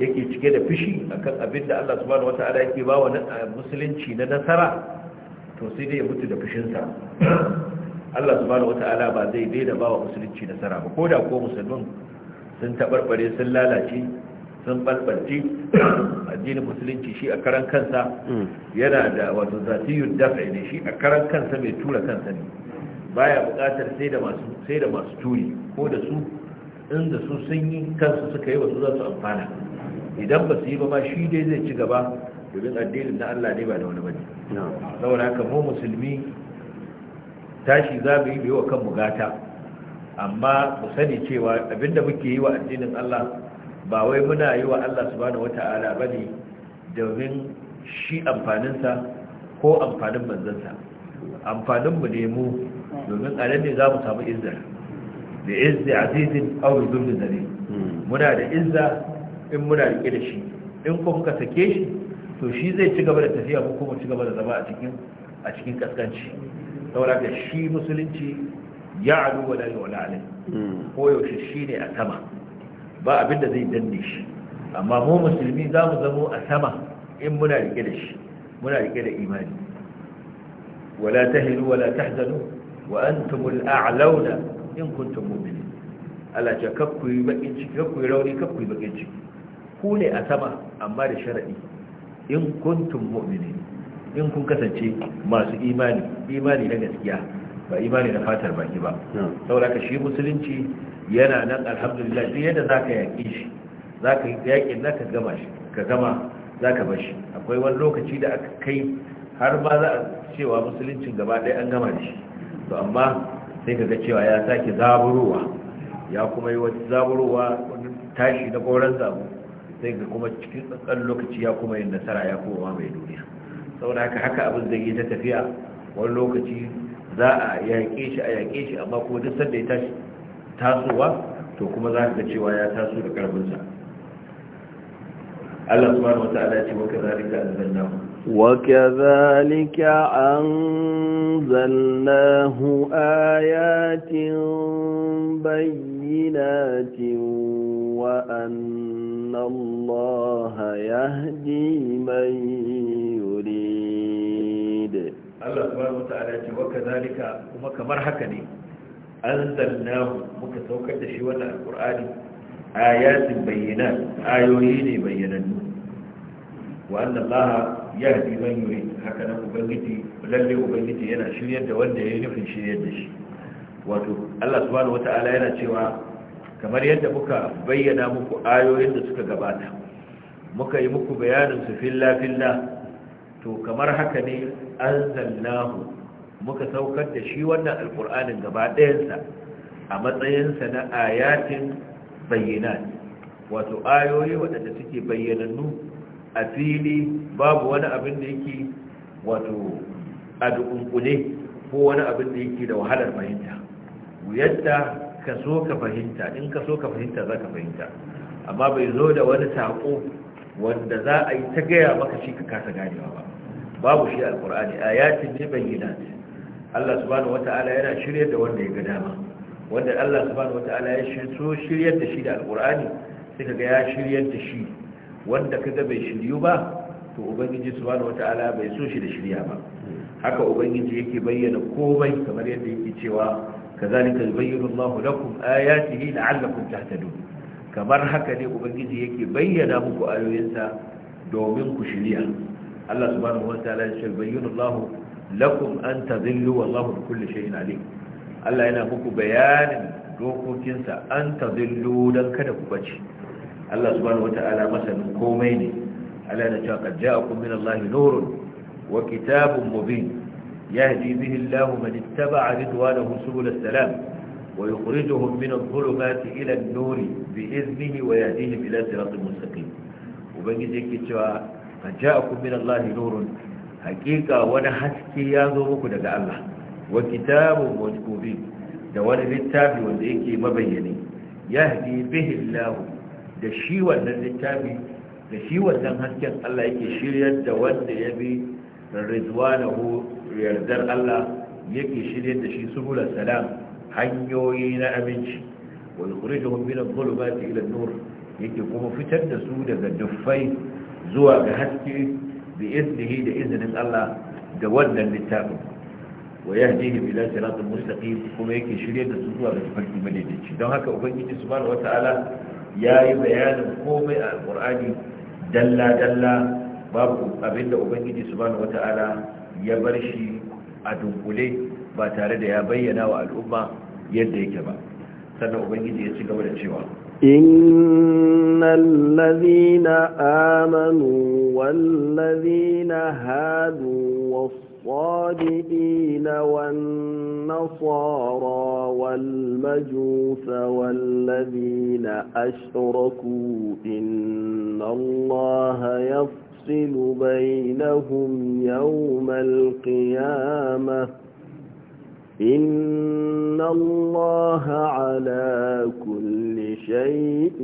yake cike da fushi akan abin da Allah subhanahu wata'ala yake bawa musulunci na nasara to sai dai ya mutu da fushinsa Allah subhanahu wata'ala ba zai daina bawa musulunci nasara ba ko da ko musulmin sun tabarbare sun lalace sun balbalci addinin musulunci shi a karan kansa hmm. yana da wato zatiyun dafa ne shi a karan kansa mai tura kansa ne baya bukatar sai da masu sai da masu turi ko da su inda su sun yi kansu suka yi wasu za su amfana idan ba su yi ba ma shi dai zai ci gaba domin addinin na Allah ne ba da wani bane saboda haka mu musulmi tashi za mu yi da yawa kanmu gata amma mu sani cewa abinda muke yi wa addinin Allah ba wai muna yi wa Allah subhanahu wata'ala bane domin shi amfaninsa ko amfanin amfanin amfaninmu ne mu domin a ne za mu samu izza bi izzi azizin auri dhulli zane muna da izza in muna rike da shi in kuma muka sake shi to shi zai ci gaba da tafiya ko kuma ci gaba da zama a cikin a cikin kaskanci saboda ga shi musulunci ya wa la yu'la alai hmm. ko yaushe shine a sama ba abin da zai danne shi amma mu musulmi za mu zamo a sama in muna rike da shi muna rike da imani wala tahilu wala tahzanu wa antumul a'launa in kuntum mu'minin Allah ce kakku yi bakin ciki kakku yi rauni kar kakku yi bakin ciki ku ne a sama amma da sharadi in kuntum mu'minin in kun kasance masu imani imani na gaskiya ba imani na fatar baki ba saboda ka shi musulunci yana nan alhamdulillah duk yadda za ka yaƙi shi za ka yaƙi na ka gama shi ka gama za ka bashi akwai wani lokaci da aka kai har ma za a cewa musuluncin gaba ɗaya an gama da shi to amma sai ka ga cewa ya sake zaburowa ya kuma yi wata zaburowa tashi na ƙoran zabu sai ka kuma cikin tsakkan lokaci ya kuma yin nasara ya kowa mai duniya saboda haka haka abin zai yi ta tafiya wani lokaci za a yaƙe shi a yaƙe shi amma kuma duk sanda ya tashi tasowa to kuma za ka cewa ya taso da sa. Allah su wani wata alaci wa kazalika a zan damu wa kazalika an zallahu ayatin bayyinatin wa annallaha ya haji mai yuri da Allah su wani wata alaci wa kazalika kuma kamar haka ne anzalnahu muka saukar da shi wannan alqur'ani ayatin bayyana ayoyi ne bayyanannu wa anna allaha yahdi man yurid haka nan ubangiji lalle ubangiji yana shiryar da wanda yayi nufin shiryar da shi wato Allah subhanahu wataala yana cewa kamar yadda muka bayyana muku ayoyin da suka gabata muka yi muku bayanin su filla filla to kamar haka ne anzalnahu muka saukar da shi wannan alkur'anin gaba ɗayansa a matsayinsa na ayatin bayyana. wato ayoyi waɗanda suke bayyanannu a fili babu wani abin da yake wato a dukunkune ko wani abin da yake da wahalar fahimta yadda ka so ka fahimta in ka so ka fahimta za ka fahimta amma bai zo da wani saƙo wanda za a yi ta gaya maka shi ka kasa ganewa ba babu shi alkur'ani ayatin ne bayyanat Allah subhanahu wata'ala yana shiryar da wanda ya ga dama wanda Allah subhanahu wata'ala ya so shiryar da shi da alkur'ani sai kaga ya shiryar da shi wanda kaga bai shiryu ba to ubangiji subhanahu wata'ala bai so shi da shirya ba haka ubangiji yake bayyana komai kamar yadda yake cewa kazalika yubayyinu Allahu lakum ayatihi la'allakum tahtadun kamar haka ne ubangiji yake bayyana muku ayoyinsa domin ku shirya Allah subhanahu wata'ala ya ce bayyana Allahu lakum an zillu wallahu bi kulli shay'in alim Allah yana muku bayanin dokokinsa an tadillu dan kada ku bace Allah subhanahu wata'ala masanin komai ne Allah yana cewa qad ja'akum min Allahi nurun wa kitabun mubin yahdi bihi Allahu man ittaba'a ridwanahu subul salam ويخرجهم من الظلمات إلى النور بإذنه ويهديهم إلى صراط مستقيم وبنجي كتوا قد جاءكم من الله نور hakika wani haske ya zo muku daga Allah wa kitabun mujkubin da wani littafi wanda yake mabayyane yahdi bihi Allah da shi wannan littafi da shi wannan hasken Allah yake shiryar da wanda ya bi rizwanahu yardar Allah yake shiryar da shi subulal salam hanyoyi na aminci wa yukhrijuhum min adh-dhulumati ila an-nur yake kuma fitar da su daga duffai zuwa ga haske bi iznihi da izinin Allah da wannan littafin wa yahdihim ila siratal mustaqim kuma yake shirye da su zuwa ga tafarki madaidaici don haka ubangiji subhanahu wataala yayi bayanin komai a alqur'ani dalla dalla babu abinda ubangiji subhanahu wataala ya bar shi a dunkule ba tare da ya bayyana wa al'umma yadda yake ba sannan ubangiji ya ci gaba da cewa إن الذين آمنوا والذين هادوا والصادقين والنصارى والمجوس والذين أشركوا إن الله يفصل بينهم يوم القيامة إن الله على كل شيء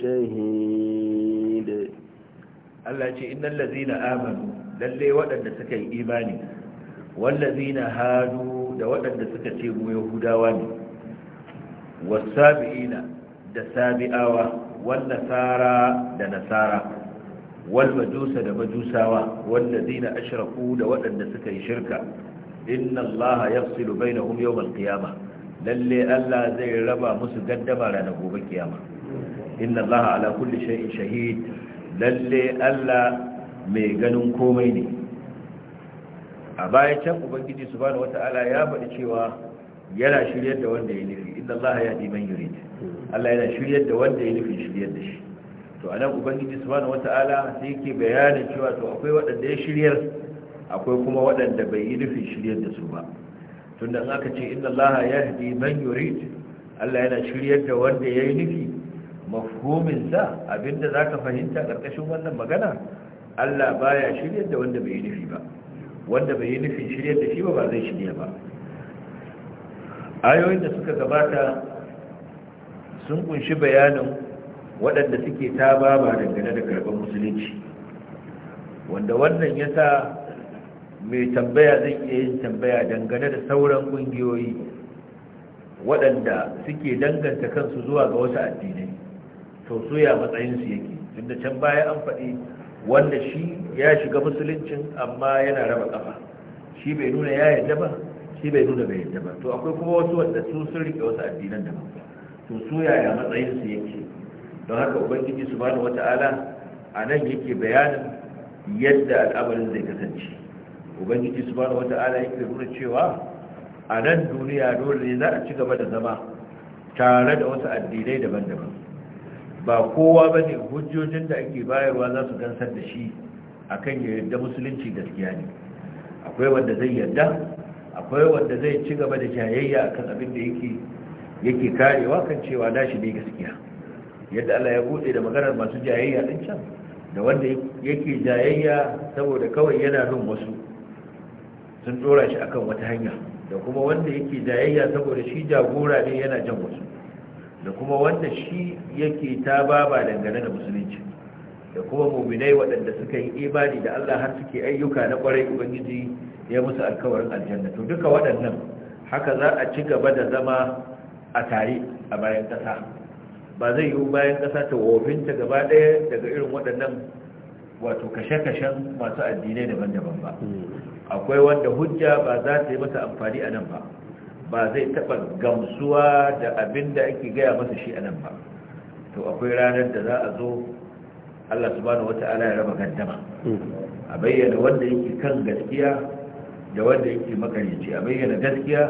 شهيد الله يقول إن الذين آمنوا للي وأن سكي إيماني والذين هادوا da waɗanda suka ce mu yahudawa ne wasabi'ina da sabi'awa wal nasara da nasara wal majusa da majusawa wal ladina da waɗanda suka yi shirka inna Allah yafsilu bainahum yawmal qiyamah lalle Allah zai raba musu gaddama ranar gobe kiyama inna Allah ala kulli shay'in shahid lalle Allah mai ganin komai ne a bayan can ubangiji subhanahu wata'ala ya faɗi cewa yana shiryar da wanda ya nufi inna Allah yahdi man yurid Allah yana shiryar da wanda ya nufi shiryar da shi to anan ubangiji subhanahu wata'ala sai yake bayanin cewa to akwai waɗanda ya shiryar akwai kuma waɗanda bai yi nufin shiryar da su ba tunda in aka ce inna ya haɗi man Allah yana shiryar da wanda yi nufi mafhumin sa abinda za ka fahimta ƙarƙashin wannan magana Allah baya shiryar da wanda bai yi nufi ba wanda bai yi nufin shiryar da shi ba ba zai shirya ba ayoyin da suka gabata sun kunshi bayanin waɗanda suke ta ba dangane da karɓar musulunci wanda wannan ya sa mai tambaya zai iya yin tambaya dangane da sauran ƙungiyoyi waɗanda suke danganta kansu zuwa ga wasu addinai to soya matsayinsu yake tunda can baya an faɗi wanda shi ya shiga musuluncin amma yana raba ƙafa shi bai nuna ya yadda ba shi bai nuna bai yadda ba to akwai kuma wasu wanda su sun rike wasu addinan da to su yaya matsayinsu yake don haka ubangiji subhanahu wata'ala a nan yake bayanin yadda al'amarin zai kasance ubangiji subhanahu wata'ala yake nuna cewa a nan duniya dole ne za a ci gaba da zama tare da wasu addinai daban-daban ba kowa bane ne hujjojin da ake bayarwa za su gansar da shi kan ya yarda musulunci gaskiya ne akwai wanda zai yarda akwai wanda zai ci gaba da jayayya akan abin da yake karewa kan cewa na shi ne gaskiya yadda Allah ya buɗe da maganar masu jayayya din can da wanda yake jayayya saboda kawai yana bin wasu sun dora shi akan wata hanya da kuma wanda yake jayayya saboda shi jagora ne yana jan wasu da kuma wanda shi yake ta baba dangane da musulunci da kuma muminai waɗanda suka yi ibadi da Allah har suke ayyuka na ƙwarai ubangiji ya musu alkawarin aljanna to duka waɗannan haka za a ci gaba da zama a tare a bayan ƙasa ba zai yiwu bayan ƙasa ta wofinta gaba ɗaya daga irin waɗannan wato kashe-kashen masu addinai daban-daban ba akwai wanda hujja ba za ta yi masa amfani a nan ba ba zai taɓa gamsuwa da abin da ake gaya masa shi a nan ba to akwai ranar da za a zo allah subhanahu wata'ala ya raba gandama a bayyana wanda yake kan gaskiya da wanda yake makarici a bayyana gaskiya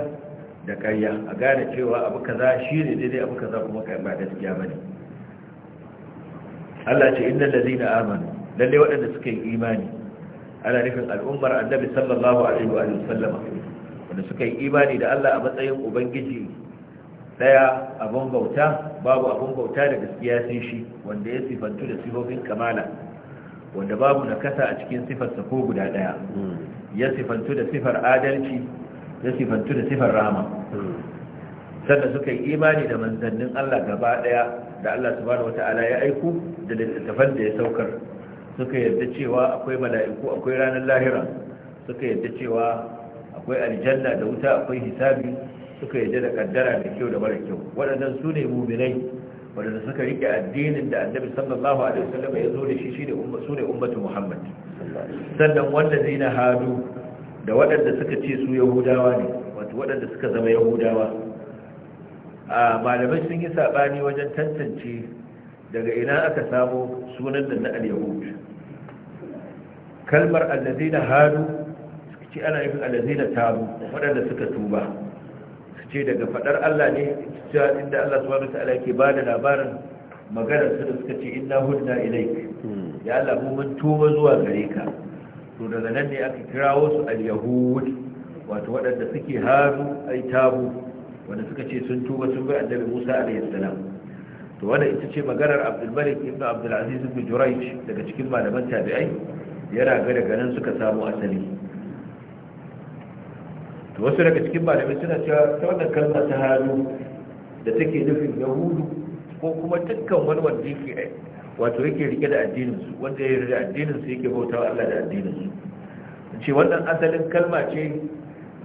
da karya a gane cewa abu kaza shi ne daidai abu kaza kuma ba gaskiya ba ne allah ce inda lalina amanu lallai waɗanda suka yi imani ana nufin al'ummar annabi sallallahu alaihi wa sallama wanda suka yi imani da Allah a matsayin ubangiji daya abun bauta babu abun bauta da gaskiya sai shi wanda ya sifantu da sifofin kamala wanda babu nakasa a cikin sifarsa ko guda daya ya sifantu da sifar adalci ya sifantu da sifar rahama sannan suka yi imani da manzannin Allah gaba daya da Allah subhanahu wataala ya aiko da littattafan da ya saukar suka yarda cewa akwai mala'iku akwai ranar lahira suka yarda cewa akwai aljanna da wuta akwai hisabi suka yarda da kaddara da kyau da mara kyau waɗannan su ne muminai waɗanda suka rike addinin da annabi sallallahu alaihi wasallam ya zo da shi shine umma su ne ummatu muhammad sannan wanda zai na hadu da waɗanda suka ce su yahudawa ne wato waɗanda suka zama yahudawa a malamai sun yi sabani wajen tantance daga ina aka samo sunan da na al-yahud kalmar na hadu suka ce ana yin nufin na tabu waɗanda suka tuba su ce daga faɗar Allah ne cewa inda Allah su subhanahu wataala yake ba da labarin maganar su da suka ce inna hudna ilaik ya Allah mu mun tuba zuwa gare ka to daga nan ne aka kirawo su al-yahud wato waɗanda suke hadu ai tabu wanda suka ce sun tuba sun bai annabi Musa alaihi salam to wannan ita ce maganar Abdul Malik ibn Abdul Aziz ibn Jurayj daga cikin malaman tabi'ai yana ga daga nan suka samu asali to wasu daga cikin malamai suna cewa ta wannan kalma ta hannu da take nufin yahudu ko kuma dukkan wani wanda yake wato yake rike da addininsu wanda ya rike da addininsu yake bautawa Allah da addininsu ce wannan asalin kalma ce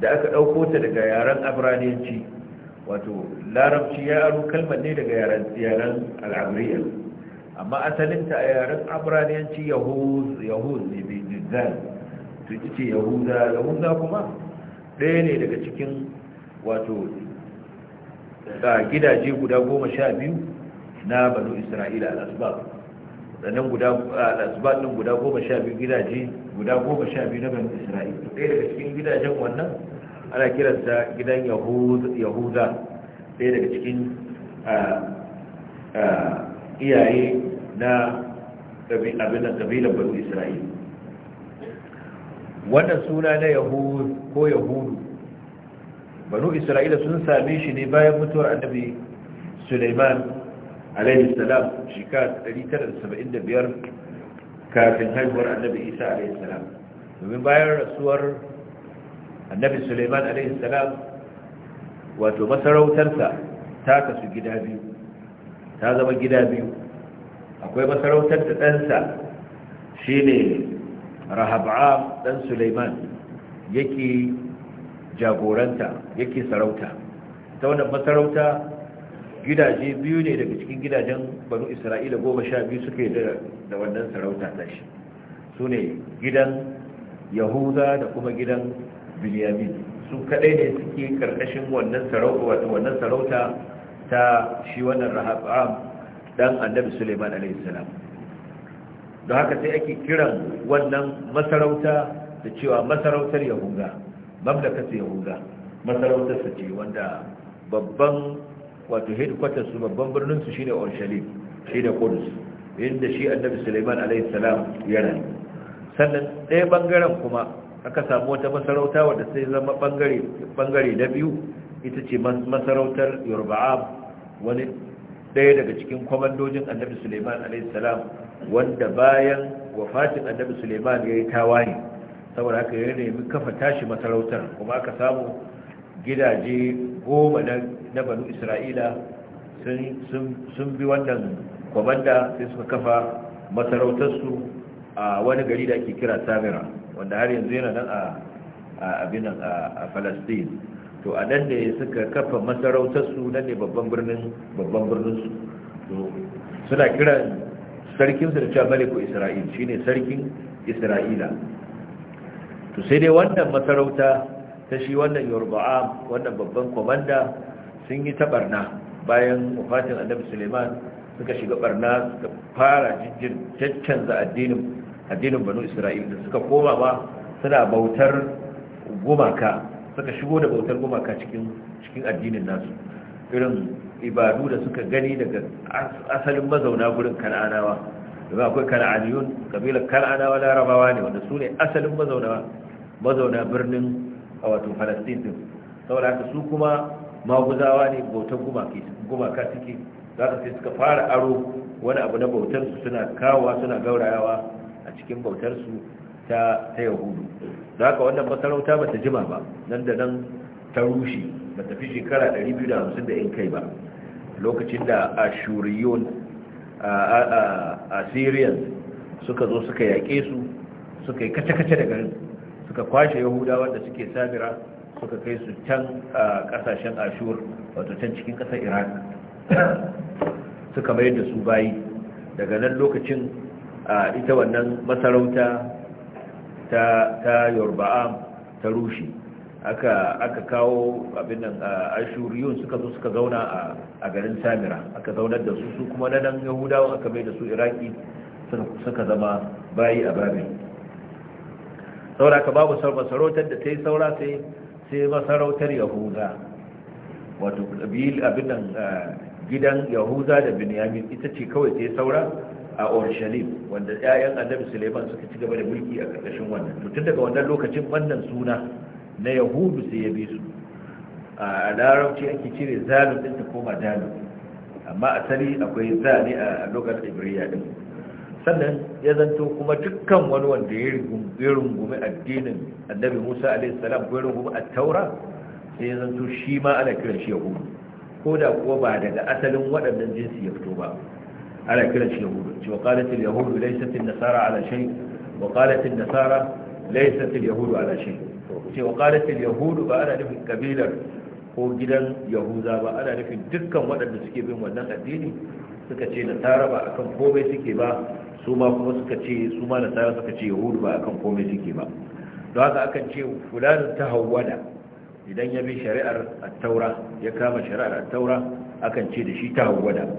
da aka ɗauko ta daga yaren abraniyanci wato larabci ya aro kalmar ne daga yaren al'amuriya amma asalinta a yaren abraniyanci yahuz ne bai zal to ce yahuza yahuza kuma ɗaya ne daga cikin wato ga gidaje guda goma sha biyu na banu isra'ila al'asbab sannan guda al'asbab ɗin guda goma sha biyu gidaje guda goma sha biyu na banu isra'ila ɗaya daga cikin gidajen wannan ana kiransa gidan yahuza ɗaya daga cikin iyaye na abin da kabilan banu isra'ila wannan suna na yahud ko yahudu banu isra'ila sun sami shi ne bayan mutuwar annabi suleiman alaihi salam shekara 975 kafin haihuwar annabi isa alaihi salam domin bayan rasuwar annabi suleiman alaihi salam wato masarautarsa ta kasu gida biyu ta zama gida biyu akwai masarautar da ɗansa shi ne rahab'am ɗan suleiman yake jagoranta yake sarauta ta wannan masarauta gidaje biyu ne daga cikin gidajen banu isra'ila goma sha biyu suke da wannan sarauta ta shi su ne gidan yahuda da kuma gidan biliyamin su kaɗai ne suke ƙarƙashin wannan sarauta ta shi wannan rahab'am dan annabi Suleiman alayhi salam don haka sai ake kiran wannan masarauta da cewa masarautar yahuda mamlakar yahuda masarautar su ce wanda babban wato headquarters su babban birnin su shine Urshalim shine Qudus inda shi annabi Suleiman alayhi salam ya rayu sannan ɗaya bangaren kuma aka samu wata masarauta wadda sai zama bangare bangare na biyu ita ce masarautar Yorba'am wani ɗaya daga cikin kwamandojin annabi suleiman alaihissalam wanda bayan wafatin annabi suleiman ya yi tawaye saboda haka ya nemi kafa tashi masarautar kuma aka samu gidaje goma na banu isra'ila sun bi wannan kwamanda sai suka kafa masarautarsu a wani gari da ake kira samira wanda har yanzu yana nan a abinan a falastin to a nan ne suka kafa masarautarsu nan ne babban birnin babban birninsu suna kiran sarkinsu da cewa maliku isra'il shine sarkin isra'ila to sai dai wannan masarauta ta shi wannan yorba'a wannan babban komanda sun yi ta barna bayan wafatin annabi suleiman suka shiga barna suka fara jijjin caccanza addinin addinin banu isra'il da suka koma ba suna bautar gumaka suka shigo da bautar gumaka cikin addinin nasu irin ibadu da suka gani daga asalin mazauna gurin kan'anawa domin akwai kan'aniyun kabilar kan'anawa larabawa ne wanda su ne asalin mazauna birnin a wato palestine din saboda haka su kuma maguzawa ne bautar gumaka suke za ka sai suka fara aro wani abu na bautarsu suna kawowa suna gaurayawa a cikin bautarsu ta ta yahudu da haka wannan masarauta ba ta jima ba nan da nan ta rushe ba ta fi shekara 250 da in kai ba lokacin da ashuriyon assyrians suka zo suka yaƙe su suka yi kace-kace da garin suka kwashe yahudawa da suke samira suka kai su can ƙasashen ashur wato can cikin ƙasar iraq suka mayar da su bayi daga nan lokacin ita wannan masarauta ta yorba'am ta rushe aka kawo abinan ashuriyun suka zo suka zauna a garin samira aka zaunar da su su kuma na nan yahudawa aka mai da su iraki suka zama bayi a babin saura ka babu masarautar da ta yi saura sai sai masarautar yahuza wato abin nan gidan yahuza da binyamin ita ce kawai ta yi saura a orishalim wanda 'ya'yan Annabi Suleiman suka ci gaba da mulki a ƙarƙashin wannan mutum daga wannan lokacin wannan suna na Yahudu sai ya bi su a larabci ake cire zalim din ta koma dalu amma asali akwai zani a lokacin Ibriya din sannan ya zanto kuma dukkan wani wanda ya rungumi addinin Annabi Musa alaihi salam ko ya rungumi at-Taura sai ya zanto shi ma ana kiran shi Yahudu ko da kuwa ba daga asalin waɗannan jinsi ya fito ba ana kiran shi yahudu cewa qalatil yahudu laysat an-nasara ala shay wa qalat an-nasara laysat al-yahudu ala shay cewa qalat al-yahudu ba ana nufin kabilar ko gidan yahuza ba ana nufin dukkan waɗanda suke bin wannan addini suka ce nasara ba akan komai suke ba su ma kuma suka ce su ma nasara suka ce yahudu ba akan komai suke ba don haka akan ce fulanin ta hawwada idan ya bi shari'ar ya kama shari'ar taura akan ce da shi ta hauwada.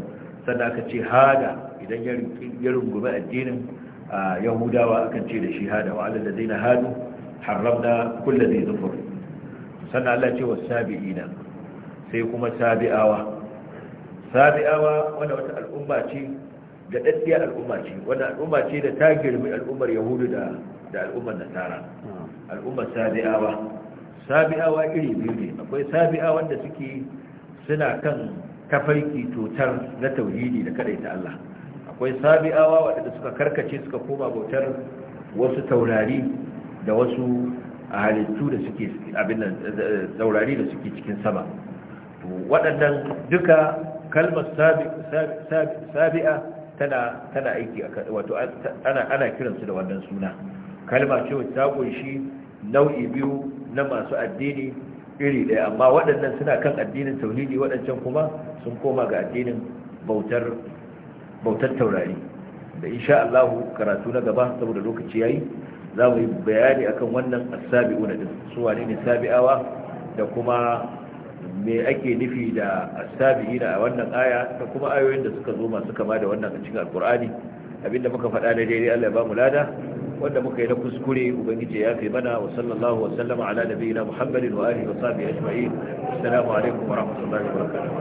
sannan aka ce hada idan ya rungume addinin yahudawa akan ce da shi hada wa alal ladina hadu na kulla zai zufur sannan Allah ce wasabiina sai kuma sabi'awa sabi'awa wanda wata al'umma ce da daddiyar al'umma ce wanda al'umma ce da ta girmi al'ummar yahudu da da al'ummar nasara al'ummar sabi'awa sabi'awa iri biyu ne akwai sabi'awa wanda suke suna kan tafarki totar na tauhidi da kadai ta Allah akwai sabi'awa waɗanda suka karkace suka koma bautar wasu taurari da wasu halittu da suke taurari da suke cikin sama waɗannan duka kalmar sabi'a tana aiki wato ana kiransu da wannan suna kalma ce ta ƙunshi nau'i biyu na masu addini iri ɗaya amma waɗannan suna kan addinin tauhidi waɗancan kuma sun koma ga addinin bautar taurari da insha allahu karatu na gaba saboda lokaci yayi za mu yi bayani akan wannan as-sabi'una su wani ne sabi'awa da kuma me ake nufi da as-sabi'ina a wannan aya da kuma ayoyin da suka zo masu kama da wannan a cikin alkur'ani abinda muka faɗa da daidai Allah ya ba mu lada wanda muka yi na kuskure ubangiji ya fi mana wa sallallahu wa sallama ala nabiyina muhammadin wa alihi wa sahbihi ajma'in assalamu alaikum wa rahmatullahi wa barakatuh